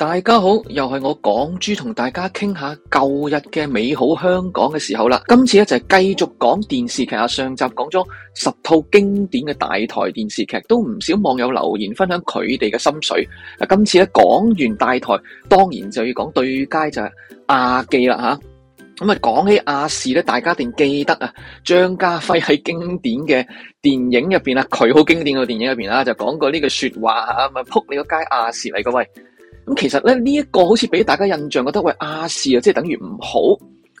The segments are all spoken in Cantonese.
大家好，又係我港豬同大家傾下舊日嘅美好香港嘅時候啦。今次咧就係繼續講電視劇啊，上集講咗十套經典嘅大台電視劇，都唔少網友留言分享佢哋嘅心水。嗱，今次咧講完大台，當然就要講對街就係亞記啦吓。咁啊，講起亞視咧，大家一定記得啊，張家輝喺經典嘅電影入邊啊，佢好經典嘅電影入邊啦，就講過呢句說話啊，咪撲你個街亞視嚟嘅喂。各位咁其實咧，呢、這、一個好似俾大家印象覺得喂亞視啊，即係等於唔好。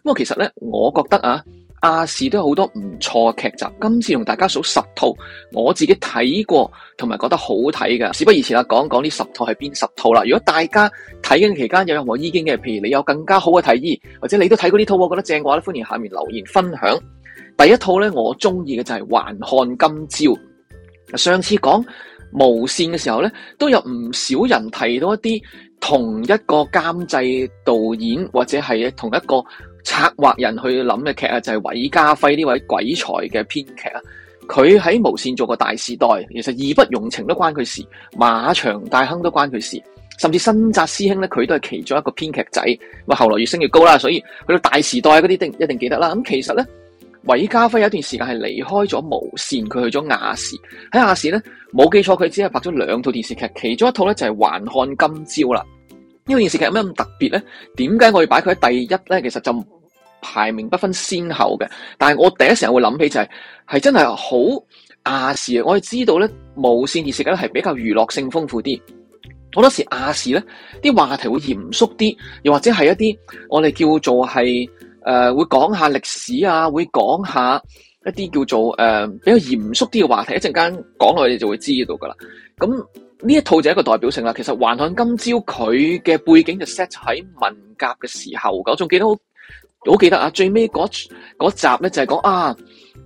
咁啊，其實咧，我覺得啊，亞視都有好多唔錯嘅劇集。今次同大家數十套，我自己睇過同埋覺得好睇嘅。事不宜遲啦，講講講呢十套係邊十套啦。如果大家睇緊期間有任何意見嘅，譬如你有更加好嘅提議，或者你都睇過呢套，我覺得正嘅話咧，歡迎下面留言分享。第一套咧，我鍾意嘅就係、是《還看今朝》。上次講無線嘅時候咧，都有唔少人提到一啲。同一個監製導演或者係同一個策劃人去諗嘅劇啊，就係韋家輝呢位鬼才嘅編劇啊，佢喺無綫做過《大時代》，其實義不容情都關佢事，馬場大亨都關佢事，甚至新紮師兄咧，佢都係其中一個編劇仔。哇，後來越升越高啦，所以去到《大時代》嗰啲定一定記得啦。咁其實咧。韋家輝有一段時間係離開咗無綫，佢去咗亞視。喺亞視咧，冇記錯佢只係拍咗兩套電視劇，其中一套咧就係、係《還看今朝》啦。呢個電視劇有咩咁特別咧？點解我要擺佢喺第一咧？其實就排名不分先後嘅。但係我第一時間會諗起就係、係，係真係好亞視啊！我哋知道咧，無綫電視劇咧係比較娛樂性豐富啲。好多時亞視咧啲話題會嚴肅啲，又或者係一啲我哋叫做係。誒、呃，會講下歷史啊，會講下一啲叫做誒、呃、比較嚴肅啲嘅話題，一陣間講落去你就會知道噶啦。咁呢一套就係一個代表性啦。其實《還看今朝》佢嘅背景就 set 喺文革嘅時候，我仲記得好記得啊，最尾嗰集咧就係、是、講啊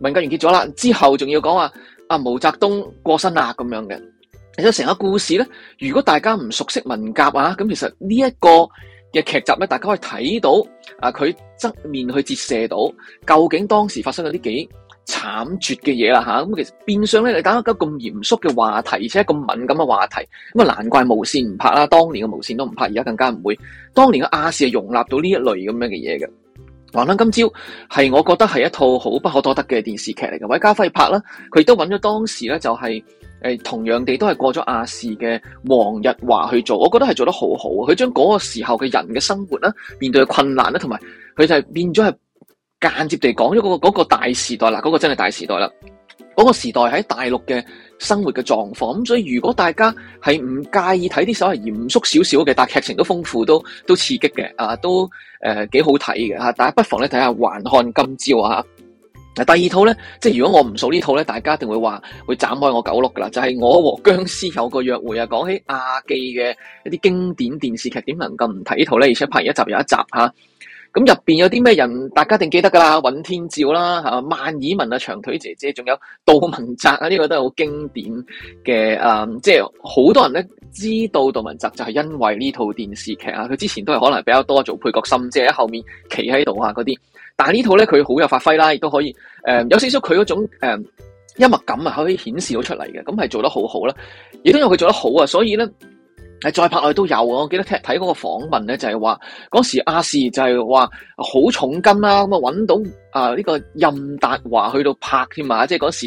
文革完結咗啦，之後仲要講啊啊毛澤東過身啊咁樣嘅，其實成個故事咧。如果大家唔熟悉文革啊，咁其實呢、這、一個。嘅劇集咧，大家可以睇到啊，佢側面去折射到究竟當時發生咗啲幾慘絕嘅嘢啦嚇。咁、啊、其實變相咧你打一個咁嚴肅嘅話題，而且咁敏感嘅話題，咁啊難怪無線唔拍啦。當年嘅無線都唔拍，而家更加唔會。當年嘅亞視係容納到呢一類咁樣嘅嘢嘅。話翻今朝係，我覺得係一套好不可多得嘅電視劇嚟嘅，韋家輝拍啦，佢亦都揾咗當時咧就係、是，誒同樣地都係過咗亞視嘅黃日華去做，我覺得係做得好好，佢將嗰個時候嘅人嘅生活啦，面對嘅困難啦，同埋佢就係變咗係間接地講咗嗰個、那個大時代啦，嗰、那個真係大時代啦，嗰、那個時代喺大陸嘅。生活嘅狀況，咁所以如果大家係唔介意睇啲稍微嚴肅少少嘅，但劇情都豐富，都都刺激嘅，啊，都誒幾、呃、好睇嘅嚇，大、啊、家不妨咧睇下《還看今朝》嚇。嗱、啊，第二套咧，即係如果我唔數呢套咧，大家一定會話會斬開我九六噶啦，就係、是《我和殭屍有個約會》啊。講起亞記嘅一啲經典電視劇，點能夠唔睇呢套咧？而且拍一集又一集嚇。啊咁入面有啲咩人？大家一定記得噶啦，尹天照啦，嚇、啊、萬綺雯啊，長腿姐姐，仲有杜汶澤啊，呢、這個都係好經典嘅。即係好多人咧知道杜汶澤就係因為呢套電視劇啊。佢之前都係可能比較多做配角心，甚至喺後面企喺度啊嗰啲。但係呢套咧佢好有發揮啦，亦都可以、呃、有少少佢嗰種誒、呃、音樂感啊，可以顯示到出嚟嘅。咁係做，做得好好啦。亦因為佢做得好啊，所以咧。再拍落去都有啊！我記得睇睇嗰個訪問咧，就係話嗰時亞視就係話好重金啦，咁啊搵到誒呢個任達華去到拍添啊！即係嗰時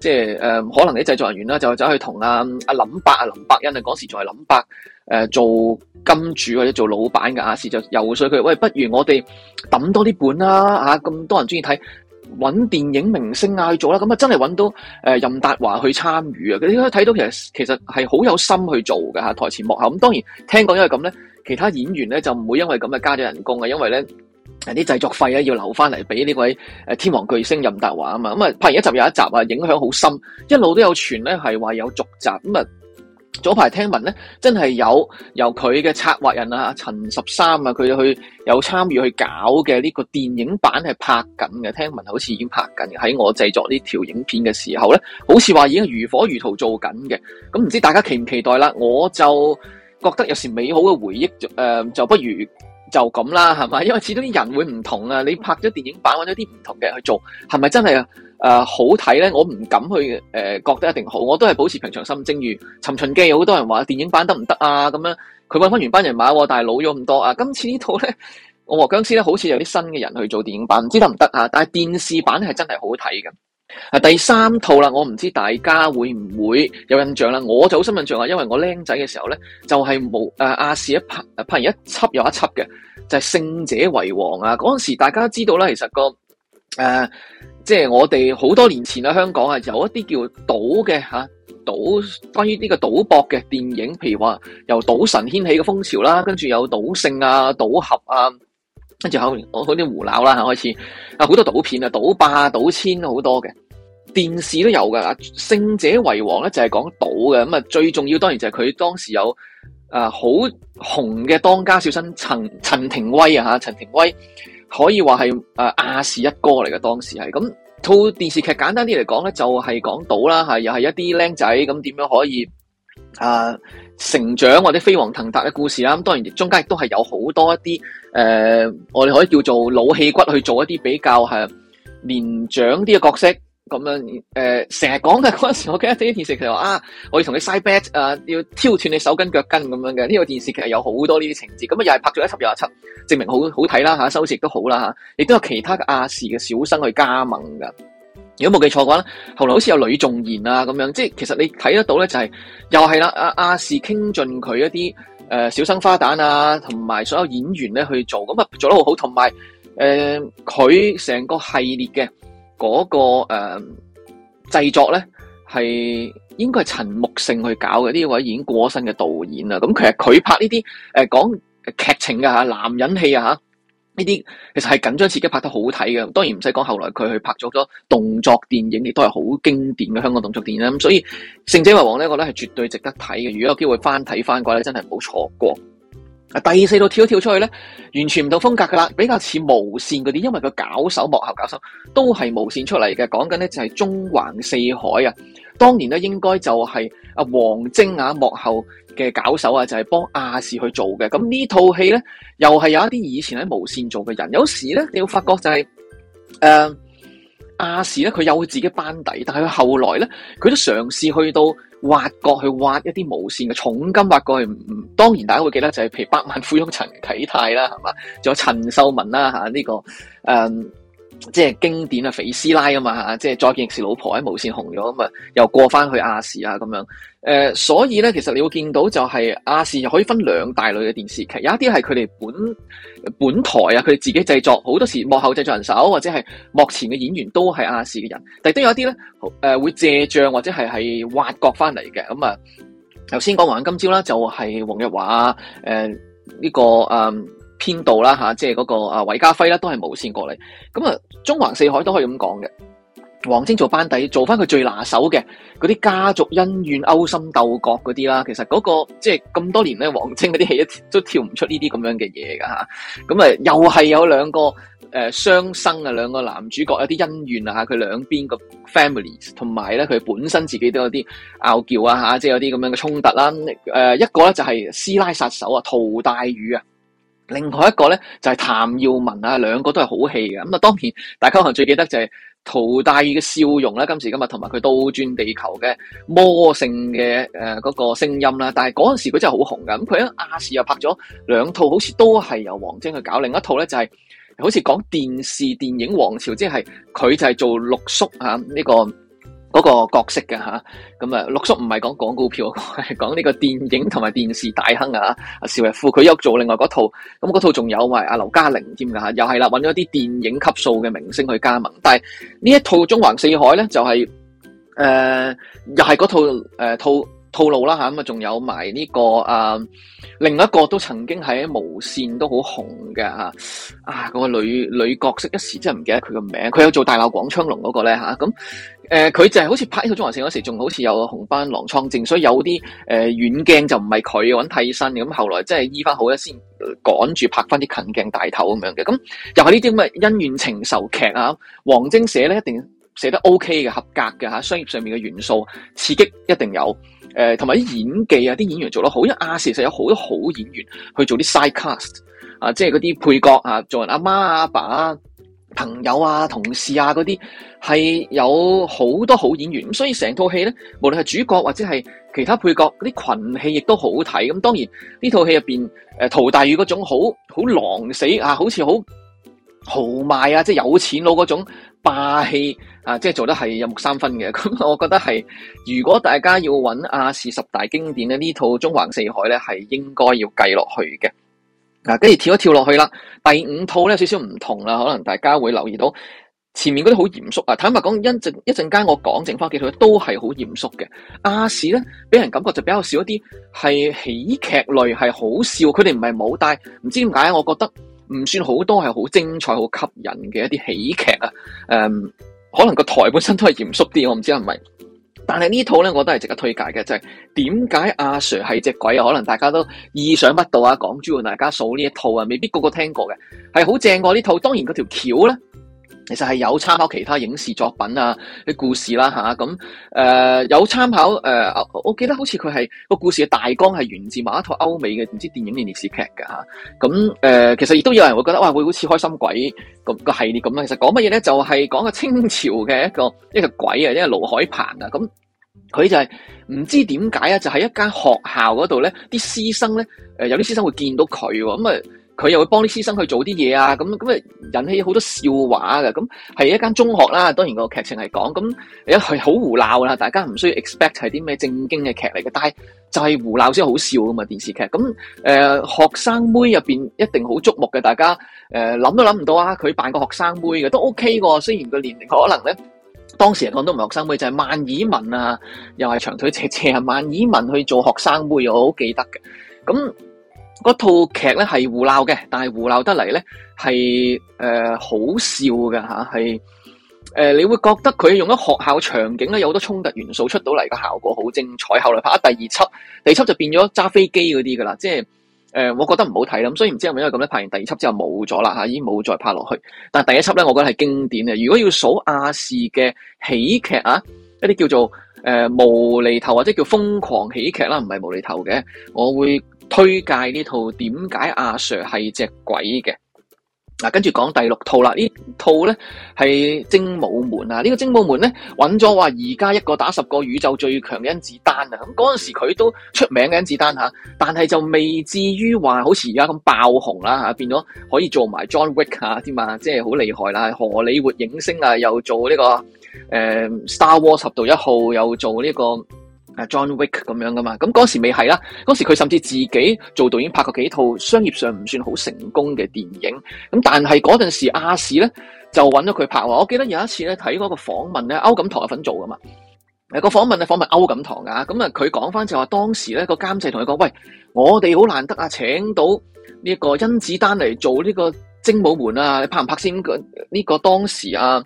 即係誒可能啲製作人員啦，就走去同阿阿林伯、阿林伯欣啊，嗰時仲係林伯誒做金主或者做老闆嘅亞視就游說佢，喂，不如我哋抌多啲本啦吓，咁多人中意睇。揾電影明星嗌做啦，咁啊真係揾到誒任達華去參與啊！你可以睇到其實其實係好有心去做嘅吓，台前幕後咁，當然聽講因為咁咧，其他演員咧就唔會因為咁啊加咗人工嘅，因為咧啲製作費呢要留翻嚟俾呢位誒天王巨星任達華啊嘛，咁啊拍完一集又一集啊，影響好深，一路都有傳咧係話有續集咁啊。早排聽聞咧，真係有由佢嘅策劃人啊陳十三啊，佢去有參與去搞嘅呢個電影版係拍緊嘅。聽聞好似已經拍緊嘅，喺我製作呢條影片嘅時候咧，好似話已經如火如荼做緊嘅。咁唔知大家期唔期待啦？我就覺得有時美好嘅回憶，誒、呃，就不如就咁啦，係咪？因為始終啲人會唔同啊。你拍咗電影版，揾咗啲唔同嘅去做，係咪真係啊？誒、啊、好睇咧，我唔敢去誒、呃、覺得一定好，我都係保持平常心正。正如《尋秦記》，好多人話電影版得唔得啊？咁樣佢揾翻原班人馬喎，但係老咗咁多啊。今次呢套咧《我和僵屍》咧，好似有啲新嘅人去做電影版，唔知得唔得啊？但係電視版係真係好睇㗎。啊，第三套啦，我唔知大家會唔會有印象啦？我就好深印象啊，因為我僆仔嘅時候咧，就係冇誒亞視一拍拍完一輯又一輯嘅，就係《勝者為王》啊。嗰陣時大家知道啦，其實個。誒、呃，即係我哋好多年前喺香港啊，有一啲叫賭嘅吓賭，關於呢個賭博嘅電影，譬如話由賭神掀起嘅風潮啦，跟住有賭聖啊、賭俠啊，跟住後啲胡鬧啦、啊，開始啊，好多賭片啊，賭霸、賭千好多嘅，電視都有噶。勝者為王咧就係講賭嘅，咁啊最重要，當然就係佢當時有好、啊、紅嘅當家小生陳陳庭威啊吓，陳庭威。啊可以話係誒亞視一哥嚟嘅，當時係咁套電視劇，簡單啲嚟講咧就係、是、講到啦吓又係一啲僆仔咁點樣可以啊成長或者飛黃騰達嘅故事啦，咁當然中間亦都係有好多一啲誒、呃、我哋可以叫做老戲骨去做一啲比較係年長啲嘅角色。咁樣誒，成日講嘅嗰陣時，我記得啲電視劇話啊，我要同你晒背啊，要挑斷你手筋腳筋。」咁樣嘅。呢個電視劇係有好多呢啲情節，咁啊又係拍咗一輯又一輯，證明好好睇啦，吓、啊，收視亦都好啦吓，亦、啊、都有其他亞視嘅小生去加盟噶。如果冇記錯嘅話咧，後來好似有呂仲賢啊咁樣，即係其實你睇得到咧，就係、是、又係啦、啊，阿亞視傾盡佢一啲誒、呃、小生花旦啊，同埋所有演員咧去做，咁啊做得好好，同埋誒佢成個系列嘅。嗰、個誒製作咧，係應該係陳木勝去搞嘅，呢位已經過身嘅導演啦。咁其實佢拍呢啲誒講劇情嘅吓男人戲啊吓呢啲其實係緊張刺激拍得好睇嘅。當然唔使講，後來佢去拍咗好多動作電影，亦都係好經典嘅香港動作電影，咁所以《勝者為王》呢、這個咧係絕對值得睇嘅。如果有機會翻睇翻嘅話咧，真係唔好錯過。啊！第四套跳一跳出去咧，完全唔同風格噶啦，比較似無線嗰啲，因為佢搞手幕後搞手都係無線出嚟嘅。講緊咧就係中環四海啊，當年咧應該就係阿黃晶啊幕後嘅搞手啊，就係、是、幫亞視去做嘅。咁呢套戲咧，又係有一啲以前喺無線做嘅人。有時咧，你會發覺就係誒亞視咧，佢、呃、有佢自己班底，但係佢後來咧，佢都嘗試去到。挖角去挖一啲無線嘅重金挖角，唔當然大家會記得就係譬如百萬富翁陳啟泰啦，係嘛？仲有陳秀雯啦，嚇、這、呢個，嗯。即係經典啊，肥師奶啊嘛，即係再見亦是老婆喺無綫紅咗咁啊，又過翻去亞視啊咁樣。誒、呃，所以咧，其實你會見到就係亞視又可以分兩大類嘅電視劇，有啲係佢哋本本台啊，佢哋自己製作，好多時候幕後製作人手或者係幕前嘅演員都係亞視嘅人，但係都有一啲咧，誒、呃、會借賬或者係係挖角翻嚟嘅。咁啊，頭先講完今朝啦，就係黃日華誒呢個、呃編導啦，吓、啊，即係嗰個阿韋家輝啦，都係無線過嚟咁啊。中橫四海都可以咁講嘅。王晶做班底，做翻佢最拿手嘅嗰啲家族恩怨、勾心鬥角嗰啲啦。其實嗰、那個即係咁多年咧，王晶嗰啲戲都跳唔出呢啲咁樣嘅嘢噶吓。咁啊,啊，又係有兩個誒雙、呃、生啊，兩個男主角有啲恩怨啊。佢兩邊個 families 同埋咧，佢本身自己都有啲拗撬啊吓，即係有啲咁樣嘅衝突啦。誒、啊，一個咧就係師奶殺手啊，陶大宇啊。另外一個咧就係譚耀文啊，兩個都係好戲嘅咁啊。當然大家可能最記得就係陶大宇嘅笑容啦，今時今日同埋佢倒轉地球嘅魔性嘅嗰個聲音啦。但係嗰陣時佢真係好紅嘅。咁佢喺亞視又拍咗兩套，好似都係由王晶去搞。另一套咧就係好似講電視電影王朝，即係佢就係做六叔啊呢個。嗰、嗰個角色嘅吓，咁啊六叔唔係講廣告票，係講呢個電影同埋電視大亨啊！阿邵逸夫佢又做另外嗰套，咁嗰套仲有埋阿劉嘉玲添㗎吓，又係啦，搵咗啲電影級數嘅明星去加盟，但係呢、就係呃、一套《中橫四海》咧就係誒又係嗰套誒套。套路啦，咁啊仲有埋、這、呢個啊、呃，另一個都曾經喺無線都好紅嘅啊嗰、那個女女角色一時真係唔記得佢個名，佢有做大鬧廣昌隆嗰、那個咧，咁誒佢就係好似拍呢套《中華城》嗰時，仲好似有紅斑狼瘡症，所以有啲誒、呃、遠鏡就唔係佢揾替身，咁後來真係醫翻好咗先趕住拍翻啲近鏡大頭咁樣嘅，咁、嗯、又係呢啲咁嘅恩怨情仇劇啊，黃霽寫咧一定。寫得 O K 嘅，合格嘅吓，商業上面嘅元素刺激一定有，誒同埋啲演技啊，啲演員做得好，因為亞視其實有好多好演員去做啲 side cast 啊，即係嗰啲配角啊，做人阿媽阿爸啊、朋友啊、同事啊嗰啲係有好多好演員，咁所以成套戲咧，無論係主角或者係其他配角嗰啲群戲好，亦都好睇。咁當然呢套戲入邊，誒、呃、陶大宇嗰種好好狼死啊，好似好豪邁啊，即、就、係、是、有錢佬嗰種。霸氣啊，即係做得係入木三分嘅。咁我覺得係，如果大家要揾亞視十大經典咧，呢套《中環四海》咧係應該要計落去嘅。嗱，跟住跳一跳落去啦，第五套咧有少少唔同啦，可能大家會留意到前面嗰啲好嚴肅啊。坦白講一陣一陣間，我講淨返幾套都係好嚴肅嘅。亞視咧俾人感覺就比較少一啲係喜劇類，係好笑。佢哋唔係冇，但唔知點解，我覺得。唔算好多係好精彩、好吸引嘅一啲喜劇啊、嗯！可能個台本身都係嚴肅啲，我唔知係咪。但係呢套咧，我都係值得推介嘅，就係點解阿 Sir 係隻鬼啊？可能大家都意想不到啊！講主要大家數呢一套啊，未必個個聽過嘅，係好正喎呢套。當然嗰條橋咧。其實係有參考其他影視作品，啊啲故事啦、啊、吓，咁、啊、誒、呃、有參考誒、呃，我記得好似佢係個故事嘅大綱係源自某一套歐美嘅唔知電影定歷史劇嘅，咁誒其實亦都有人會覺得哇會好似開心鬼個，個系列咁。其實講乜嘢咧就係、是、講個清朝嘅一個一個鬼啊，即係盧海鵬啊，咁、嗯、佢就係、是、唔知點解啊，就喺、是、一間學校嗰度咧，啲師生咧有啲師生會見到佢喎，咁啊～、嗯佢又會幫啲師生去做啲嘢啊，咁咁啊引起好多笑話嘅，咁係一間中學啦。當然個劇情係講咁，係好胡鬧啦。大家唔需要 expect 係啲咩正經嘅劇嚟嘅，但係就係胡鬧先好笑噶嘛電視劇。咁誒、呃、學生妹入面一定好觸目嘅，大家誒諗、呃、都諗唔到啊！佢扮個學生妹嘅都 OK 喎，雖然個年齡可能咧當時嚟講都唔係學生妹，就係、是、萬綺雯啊，又係長腿姐姐啊，萬綺雯去做學生妹，我好記得嘅。咁。嗰套劇咧，係胡鬧嘅，但係胡鬧得嚟咧，係誒好笑嘅吓，係誒、呃、你會覺得佢用咗學校場景咧，有好多衝突元素出到嚟嘅效果好精彩。後來拍咗第二輯，第二輯就變咗揸飛機嗰啲噶啦，即係誒、呃、我覺得唔好睇咁，所以唔知係咪因為咁咧，拍完第二輯之後冇咗啦吓，已經冇再拍落去。但係第一輯咧，我覺得係經典嘅。如果要數亞視嘅喜劇啊，一啲叫做誒、呃、無厘頭或者叫瘋狂喜劇啦，唔係無厘頭嘅，我會。推介呢套點解阿 Sir 係隻鬼嘅嗱，跟、啊、住講第六套啦。套呢套咧係《精武門》啊，呢、這個《精武門》呢咧揾咗話而家一個打十個宇宙最強嘅甄子丹啊。咁嗰陣時佢都出名嘅甄子丹嚇，但係就未至於話好似而家咁爆紅啦嚇，變咗可以做埋 John Wick 嚇添嘛，即係好厲害啦。荷里活影星啊，又做呢、這個誒、呃《Star Wars》俠盜一號，又做呢、這個。John Wick 咁樣噶嘛，咁嗰時未係啦，嗰時佢甚至自己做導演拍過幾套商業上唔算好成功嘅電影，咁但係嗰陣時亞視咧就揾咗佢拍喎，我記得有一次咧睇嗰個訪問咧，歐錦棠有份做噶嘛，誒、個訪問咧訪問歐錦棠噶，咁啊佢講翻就話當時咧個監製同佢講，喂，我哋好難得啊請到呢個甄子丹嚟做呢個精武門啊，你拍唔拍先？呢個當時啊。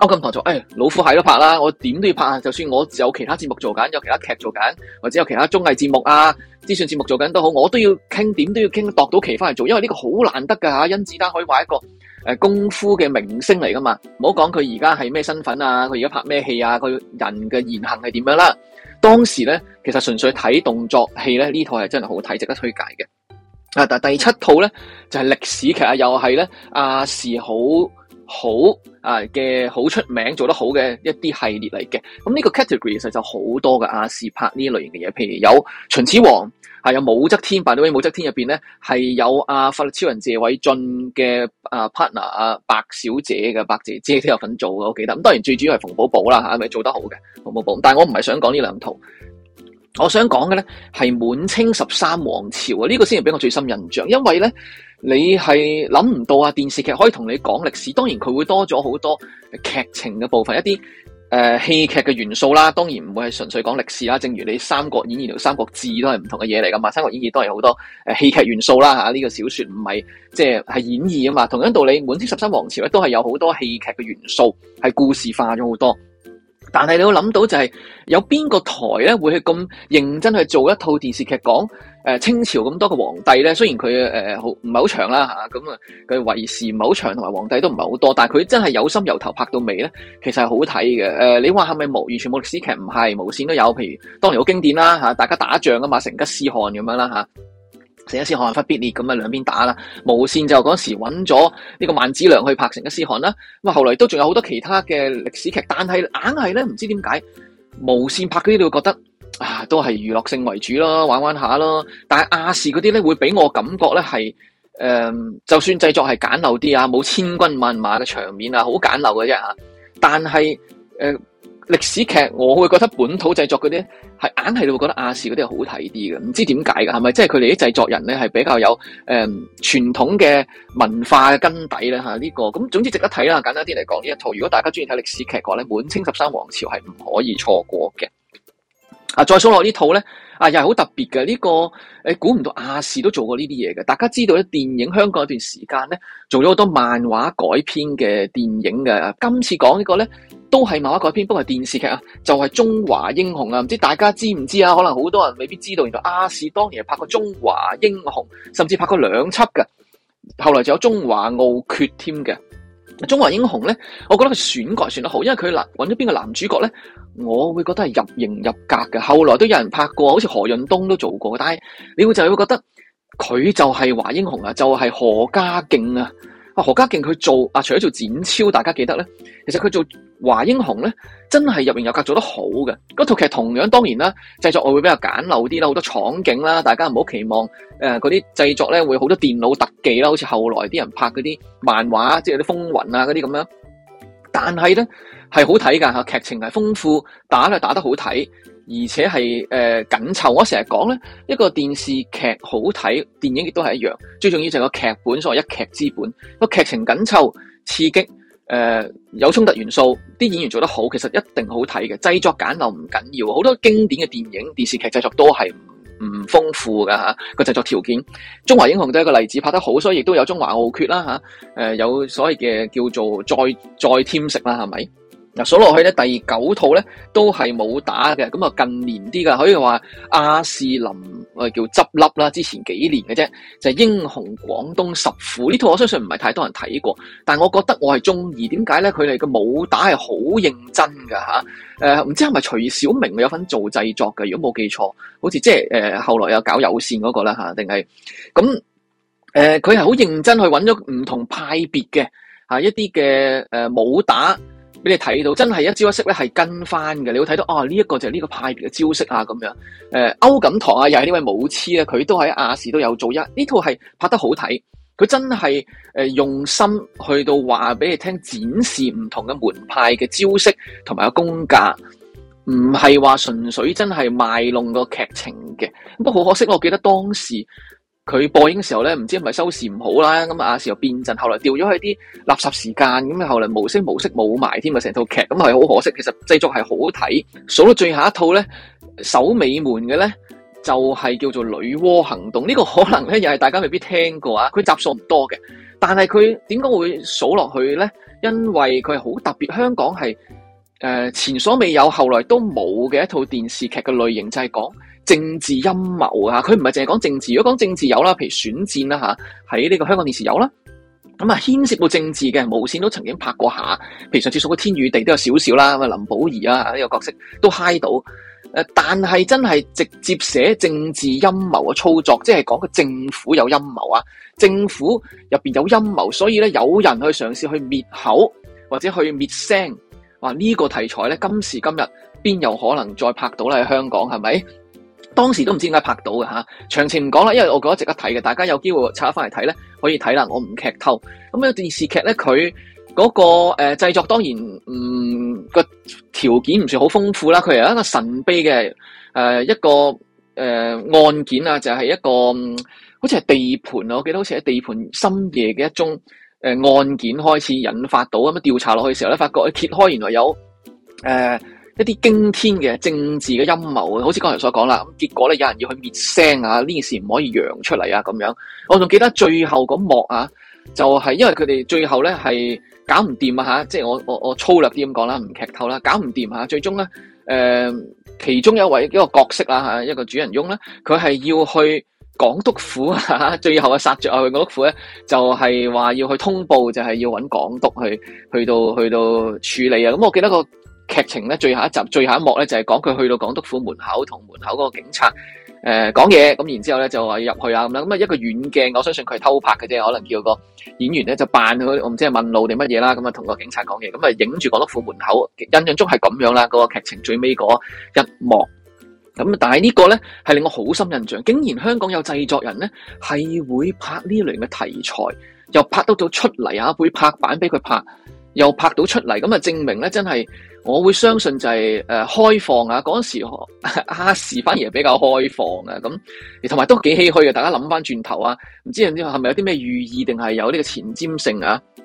歐錦棠做，誒、哎，老虎係都拍啦，我點都要拍啊！就算我有其他節目做緊，有其他劇做緊，或者有其他綜藝節目啊、資訊節目做緊都好，我都要傾，點都要傾，度到期翻嚟做，因為呢個好難得噶吓，甄子丹可以話一個誒、呃、功夫嘅明星嚟噶嘛，唔好講佢而家係咩身份啊，佢而家拍咩戲啊，佢人嘅言行係點樣啦？當時咧，其實純粹睇動作戲咧，呢套係真係好睇，值得推介嘅。啊，但第七套咧就係、是、歷史劇啊，又係咧亞視好。好啊嘅好出名做得好嘅一啲系列嚟嘅，咁呢個 category 其實就好多嘅亞視拍呢類型嘅嘢，譬如有秦始皇，係有武則天 by the way 武則天入邊咧係有阿、啊、法律超人謝偉俊嘅啊 partner 啊白小姐嘅白姐，姐都有份做嘅，我記得，咁當然最主要係馮寶寶啦吓，咪、啊、做得好嘅馮寶寶，但我唔係想講呢兩套，我想講嘅咧係滿清十三皇朝啊，呢、這個先係俾我最深印象，因為咧。你係諗唔到啊！電視劇可以同你講歷史，當然佢會多咗好多劇情嘅部分，一啲誒戲劇嘅元素啦。當然唔會係純粹講歷史啦。正如你《三國演義》同《三國志》都係唔同嘅嘢嚟噶嘛，《三國演義》都係好多誒戲劇元素啦吓。呢個小說唔係即係係演義啊嘛。同樣道理，《滿清十三皇朝》咧都係有好多戲劇嘅元素，係故事化咗好多。但係你要諗到就係有邊個台咧會去咁認真去做一套電視劇講？誒清朝咁多個皇帝咧，雖然佢誒、呃、好唔係好長啦咁啊佢維時唔係好長，同、啊、埋、啊、皇帝都唔係好多，但係佢真係有心由頭拍到尾咧，其實係好睇嘅。誒、啊，你話係咪無完全無歷史劇？唔係無線都有，譬如當年好經典啦、啊、大家打仗噶嘛，成吉思汗咁樣啦、啊、成吉思汗忽必烈咁啊兩邊打啦。無線就嗰時揾咗呢個萬梓良去拍成吉思汗啦。咁啊，後來都仲有好多其他嘅歷史劇，但係硬係咧唔知點解無線拍嗰啲，你會覺得。啊，都係娛樂性為主咯，玩玩下咯。但係亞視嗰啲咧，會俾我感覺咧係，誒，就算製作係簡陋啲啊，冇千軍萬馬嘅場面啊，好簡陋嘅啫吓。但係，誒，歷史劇我會覺得本土製作嗰啲係硬係會覺得亞視嗰啲係好睇啲嘅，唔知點解㗎，係咪即係佢哋啲製作人咧係比較有，誒，傳統嘅文化根底咧吓？呢個咁總之值得睇啦。簡單啲嚟講，呢一套如果大家中意睇歷史劇嘅話咧，《滿清十三皇朝》係唔可以錯過嘅。啊！再數落呢套咧，啊又係好特別嘅呢個，誒，估唔到亞視都做過呢啲嘢嘅。大家知道咧，電影香港有段時間咧做咗好多漫畫改編嘅電影嘅。今次講呢個咧都係漫畫改編，不過電視劇啊，就係《中華英雄》啊，唔知大家知唔知啊？可能好多人未必知道，原來亞視當年係拍過《中華英雄》，甚至拍過兩輯嘅，後來就有《中華傲決》添嘅。《中華英雄》咧，我覺得佢選角選得好，因為佢揾咗邊個男主角咧，我會覺得係入型入格嘅。後來都有人拍過，好似何潤東都做過，但係你會就會覺得佢就係華英雄啊，就係何家勁啊。啊，何家勁佢做啊，除咗做展超，大家記得咧，其實佢做。華英雄咧，真係入面有格做得好嘅。嗰套劇同樣當然啦，製作我會比較簡陋啲啦，好多場景啦，大家唔好期望誒嗰啲製作咧會好多電腦特技啦，好似後來啲人拍嗰啲漫畫即係啲風雲啊嗰啲咁樣。但係咧係好睇噶吓，劇情係豐富，打咧打得好睇，而且係誒緊湊。我成日講咧，一個電視劇好睇，電影亦都係一樣。最重要就係個劇本，所謂一劇之本，個劇情緊湊刺激。誒、uh,，有衝突元素，啲演員做得好，其實一定好睇嘅。製作簡陋唔緊要，好多經典嘅電影、電視劇製作都係唔豐富噶吓，個、啊、製作條件。中華英雄都係一個例子，拍得好，所以亦都有中華傲決啦吓。誒、啊，有所謂嘅叫做再再添食啦，係咪？嗱，數落去咧，第九套咧都係武打嘅，咁啊近年啲噶，可以話亞視臨叫執笠啦，之前幾年嘅啫，就係，英雄廣東十虎呢套，我相信唔係太多人睇過，但係我覺得我係中意，點解咧？佢哋嘅武打係好認真㗎。吓、啊，誒唔知係咪徐小明有份做製作嘅，如果冇記錯，好似即係誒、呃、後來有搞有綫嗰、嗰個啦吓，定係咁誒，佢係好認真去揾咗唔同派別嘅吓一啲嘅誒武打。俾你睇到，真係一招一式咧，係跟翻嘅。你會睇到，哦、啊，呢、這、一個就係呢個派別嘅招式啊，咁樣。誒、呃，歐錦棠啊，又係呢位武痴啊，佢都喺亞視都有做一呢套係拍得好睇。佢真係誒用心去到話俾你聽，展示唔同嘅門派嘅招式同埋個功架，唔係話純粹真係賣弄個劇情嘅。不過好可惜、啊，我記得當時。佢播映嘅時候咧，唔知係咪收視唔好啦，咁啊，時候變陣，後來掉咗去啲垃圾時間，咁後來無聲無息冇埋添啊，成套劇咁係好可惜。其實製作係好好睇，數到最後一套咧，首尾門嘅咧就係、是、叫做女媧行動。呢、這個可能咧又係大家未必聽過啊。佢集數唔多嘅，但係佢點解會數落去咧？因為佢係好特別，香港係誒、呃、前所未有，後來都冇嘅一套電視劇嘅類型，就係講。政治陰謀啊！佢唔係淨係講政治。如果講政治有啦，譬如選戰啦嚇，喺呢個香港電視有啦。咁啊，牽涉到政治嘅無線都曾經拍過下，譬如上次《數個天與地》都有少少啦。咁啊，林保怡啊呢個角色都嗨到，但係真係直接寫政治陰謀嘅操作，即係講個政府有陰謀啊，政府入邊有陰謀，所以咧有人去嘗試去滅口或者去滅聲。哇！呢個題材咧，今時今日邊有可能再拍到咧？喺香港係咪？當時都唔知點解拍到嘅吓，詳情唔講啦，因為我覺得值得睇嘅，大家有機會拆翻嚟睇咧，可以睇啦，我唔劇透。咁咧電視劇咧，佢嗰、那個誒、呃、製作當然唔、嗯、個條件唔算好豐富啦，佢係一個神秘嘅誒、呃、一個誒、呃、案件啊，就係、是、一個、呃、好似係地盤啊，我記得好似喺地盤深夜嘅一宗誒、呃、案件開始引發到咁樣調查落去嘅時候咧，發覺佢揭開原來有誒。呃一啲驚天嘅政治嘅陰謀，好似剛才所講啦，咁結果咧，有人要去滅聲啊，呢件事唔可以揚出嚟啊，咁樣。我仲記得最後嗰幕啊，就係因為佢哋最後咧係搞唔掂啊吓，即係我我我粗略啲咁講啦，唔劇透啦，搞唔掂吓，最終咧，誒、呃，其中有一位一個角色啊吓，一個主人翁咧，佢係要去港督府啊，最後殺啊殺着啊去港督府咧，就係話要去通報，就係要搵港督去去到去到處理啊，咁我記得個。劇情咧，最後一集最後一幕咧，就係講佢去到港督府門口，同門口嗰個警察誒講嘢。咁、呃、然之後咧，就話入去啊咁啦。咁啊，一個遠鏡，我相信佢係偷拍嘅啫，可能叫個演員咧就扮佢，我唔知係問路定乜嘢啦。咁啊，同個警察講嘢，咁啊影住港督府門口，印象中係咁樣啦。嗰個劇情最尾嗰一幕咁，但係呢個咧係令我好深印象，竟然香港有製作人咧係會拍呢類嘅題材，又拍得到出嚟啊，會拍板俾佢拍，又拍到出嚟，咁啊，證明咧真係。我會相信就係、是、誒、呃、開放啊，嗰時阿、啊、時反而係比較開放啊，咁而同埋都幾唏噓啊！大家諗翻轉頭啊，唔知唔知係咪有啲咩寓意，定係有呢個前瞻性啊？誒、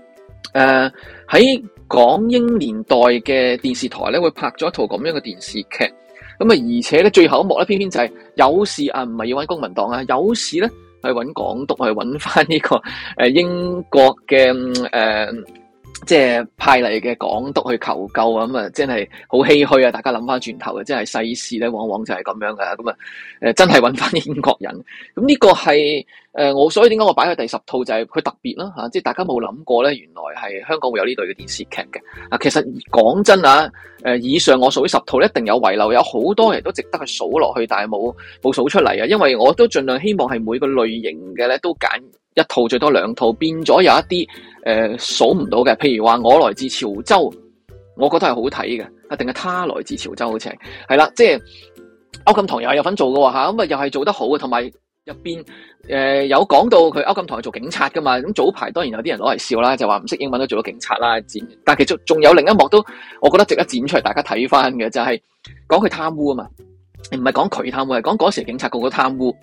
呃，喺港英年代嘅電視台咧，會拍咗一套咁樣嘅電視劇，咁、呃、啊，而且咧最後一幕咧，偏偏就係、是、有事啊，唔係要揾公民黨啊，有事咧係揾港獨，去揾翻呢個誒、呃、英國嘅誒。呃即係派嚟嘅港督去求救啊！咁啊，真係好唏噓啊！大家諗翻轉頭啊，真係世事咧，往往就係咁樣噶。咁啊，誒，真係搵翻英國人。咁呢個係誒，我所以點解我擺去第十套就係佢特別啦嚇，即係大家冇諗過咧，原來係香港會有呢類嘅電視劇嘅。啊，其實講真啊，誒以上我數十套，一定有遺漏，有好多人都值得去數落去，但係冇冇數出嚟啊！因為我都盡量希望係每個類型嘅咧都揀。一套最多兩套，變咗有一啲誒數唔到嘅，譬如話我來自潮州，我覺得係好睇嘅，一定係他來自潮州好似係，係啦，即係歐錦棠又係有份做嘅，吓，咁啊又係做得好嘅，同埋入邊誒有講到佢歐錦棠係做警察嘅嘛，咁早排當然有啲人攞嚟笑啦，就話唔識英文都做到警察啦，剪，但係其實仲有另一幕都我覺得值得剪出嚟，大家睇翻嘅就係講佢貪污啊嘛。唔係講佢貪污，係講嗰時警察個個貪污。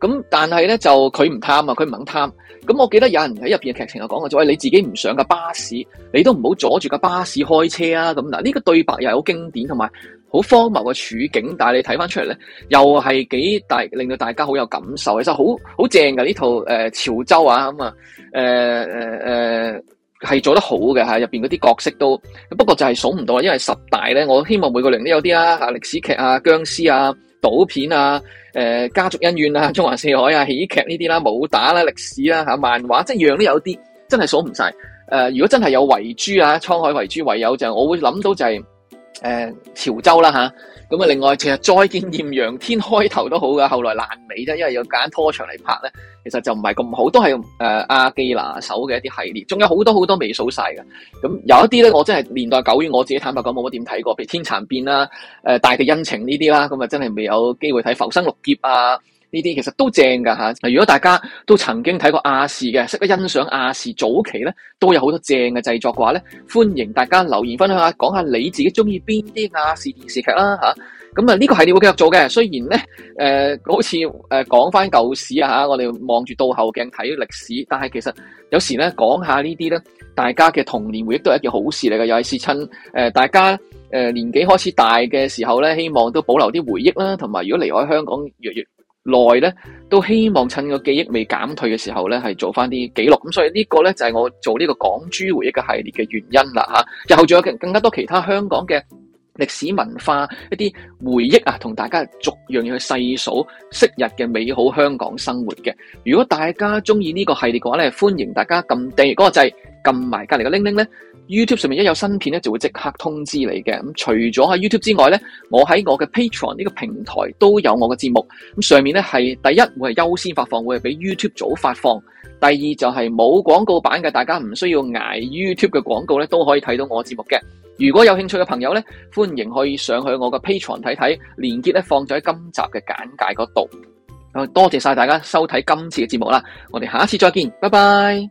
咁但係咧就佢唔貪啊，佢唔肯貪。咁我記得有人喺入邊嘅劇情又講嘅，就話你自己唔上架巴士，你都唔好阻住架巴士開車啊。咁嗱，呢、這個對白又係好經典，同埋好荒謬嘅處境。但係你睇翻出嚟咧，又係幾大令到大家好有感受。其實好好正㗎，呢套誒、呃、潮州啊咁啊誒誒誒。係做得好嘅，入面嗰啲角色都不過就係數唔到，因為十大咧，我希望每個零都有啲啊，歷史劇啊、僵屍啊、賭片啊、呃、家族恩怨啊、中華四海啊、喜劇呢啲啦、武打啦、啊、歷史啦、啊、漫畫，即係樣都有啲，真係數唔晒。誒、呃，如果真係有遺珠啊，滄海遺珠，唯有就係我會諗到就係。誒、嗯，潮州啦吓，咁啊，另外其實再見艷陽天開頭都好㗎，後來爛尾啫，因為要揀拖場嚟拍咧，其實就唔係咁好，都係誒、呃、阿基拿手嘅一啲系列，仲有好多好多未數晒㗎。咁、啊、有一啲咧，我真係年代久遠，我自己坦白講冇乜點睇過，譬如天蠶變啦，誒、呃、大地恩情呢啲啦，咁啊真係未有機會睇浮生六劫啊。呢啲其實都正㗎嚇，如果大家都曾經睇過亞視嘅，識得欣賞亞視早期咧，都有好多正嘅製作嘅話咧，歡迎大家留言分享下，講下你自己中意邊啲亞視電視劇啦嚇，咁啊，呢個系列會繼續做嘅。雖然咧，誒、呃、好似誒講翻舊史啊嚇，我哋望住倒後鏡睇歷史，但係其實有時咧講下呢啲咧，大家嘅童年回憶都係一件好事嚟嘅，尤其係試親誒大家誒年紀開始大嘅時候咧，希望都保留啲回憶啦，同埋如果離開香港越越。內咧都希望趁個記憶未減退嘅時候咧，係做翻啲記錄，咁所以呢個咧就係我做呢個港豬回憶嘅系列嘅原因啦吓。日後仲有更更加多其他香港嘅。歷史文化一啲回憶啊，同大家逐樣去細數昔日嘅美好香港生活嘅。如果大家中意呢個系列嘅話咧，歡迎大家撳訂閱嗰個掣，撳埋隔籬嘅鈴鈴咧。YouTube 上面一有新片咧，就會即刻通知你嘅。咁除咗喺 YouTube 之外咧，我喺我嘅 Patreon 呢個平台都有我嘅節目。咁上面咧係第一會係優先發放，會係比 YouTube 早發放。第二就係冇廣告版嘅，大家唔需要挨 YouTube 嘅廣告咧，都可以睇到我節目嘅。如果有興趣嘅朋友呢，歡迎可以上去我嘅 Patreon 睇睇，連結呢，放咗喺今集嘅簡介嗰度。多謝晒大家收睇今次嘅節目啦，我哋下次再見，拜拜。